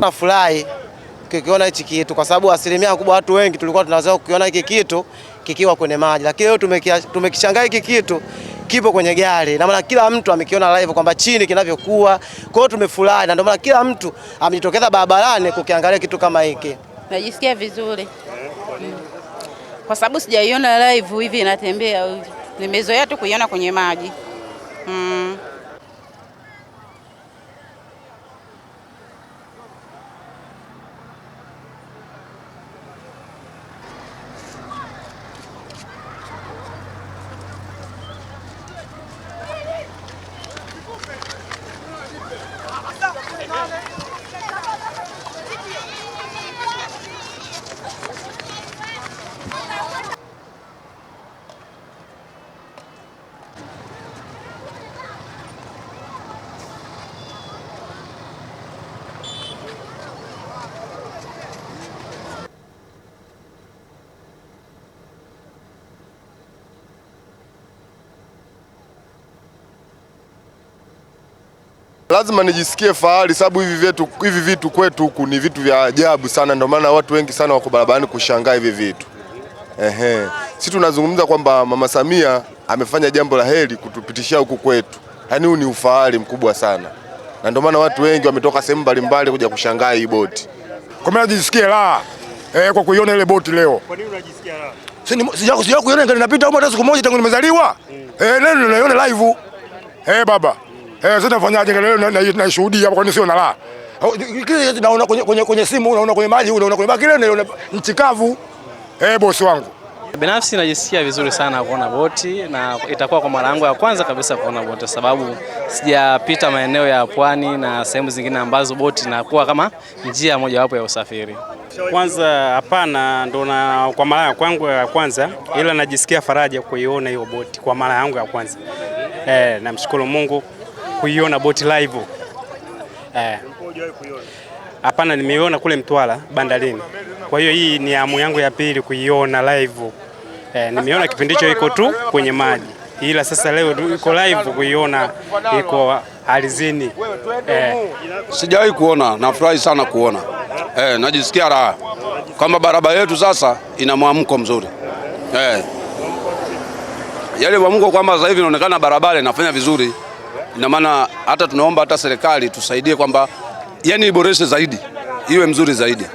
Nafurahi kikiona hichi kitu kwa sababu asilimia kubwa watu wengi tulikuwa tunazoea kukiona hiki kitu kikiwa kwenye maji, lakini leo tumekishangaa hiki kitu kipo kwenye gari, na maana kila mtu amekiona live kwamba chini kinavyokuwa. Kwa hiyo tumefurahi, na ndio maana kila mtu amejitokeza barabarani kukiangalia kitu kama hiki. Najisikia vizuri mm. kwa sababu sijaiona live hivi inatembea nimezoea tu kuiona kwenye maji mm. lazima nijisikie fahari, sababu hivi vyetu hivi vitu kwetu huku ni vitu vya ajabu sana, ndio maana watu wengi sana wako barabarani kushangaa hivi vitu. Ehe, si tunazungumza kwamba Mama Samia amefanya jambo la heri kutupitishia huku kwetu, yaani huu ni ufahari mkubwa sana, na ndio maana watu wengi wametoka sehemu mbalimbali kuja kushangaa hii boti. Kwa maana najisikia raha eh, kwa kuiona ile boti leo. Kwa nini unajisikia raha? Sija kuiona, napita huko hata siku moja tangu nimezaliwa. Mm. Eh, leo ninaiona live. Eh, baba Eh, sasa nafanyaje leo naishuhudia kwa nini sio na la. Kile eh. oh, naona kwenye kwenye simu, unaona kwenye maji, unaona kwenye baki leo naona nchi kavu. Eh, bosi wangu. Binafsi najisikia vizuri sana kuona boti na itakuwa kwa mara yangu ya kwanza kabisa kuona boti, sababu sijapita maeneo ya pwani na sehemu zingine ambazo boti inakuwa kama njia mojawapo ya usafiri. Kwanza hapana, ndo na kwa mara yangu ya kwanza, ila najisikia faraja kuiona hiyo boti kwa mara yangu ya kwanza. Eh, namshukuru Mungu kuiona boti live. Eh. Hapana, nimeiona kule Mtwara bandarini. Kwa hiyo hii ni amu yangu ya pili kuiona live. Eh, nimeona kipindi hicho iko tu kwenye maji, ila sasa leo iko live kuiona iko alizini. Eh. Sijawahi kuona, nafurahi sana kuona. Eh, najisikia raha kwamba barabara yetu sasa ina mwamko mzuri. Eh. Yale yaani mwamko kwamba sasa hivi inaonekana barabara inafanya vizuri. Ina maana hata tunaomba hata serikali tusaidie kwamba yani iboreshe zaidi, iwe mzuri zaidi.